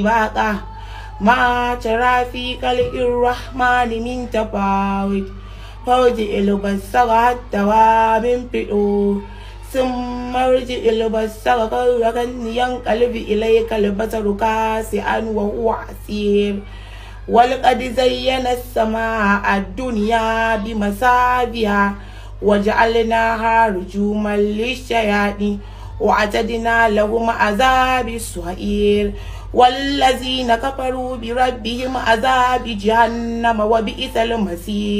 baka ma tarafi kalin rahmani min tafawi fauji ilubasa ga hattawa min fido sun marji ilubasa ga ka ga niyan kalbi ilai kalbasa ruka si an wa uwa asir walƙad zayyana sama a duniya bi masabiya waje alina har juman lishayaɗi وعتدنا لهم عذاب السعير والذين كفروا بربهم عذاب جهنم وبئس المسير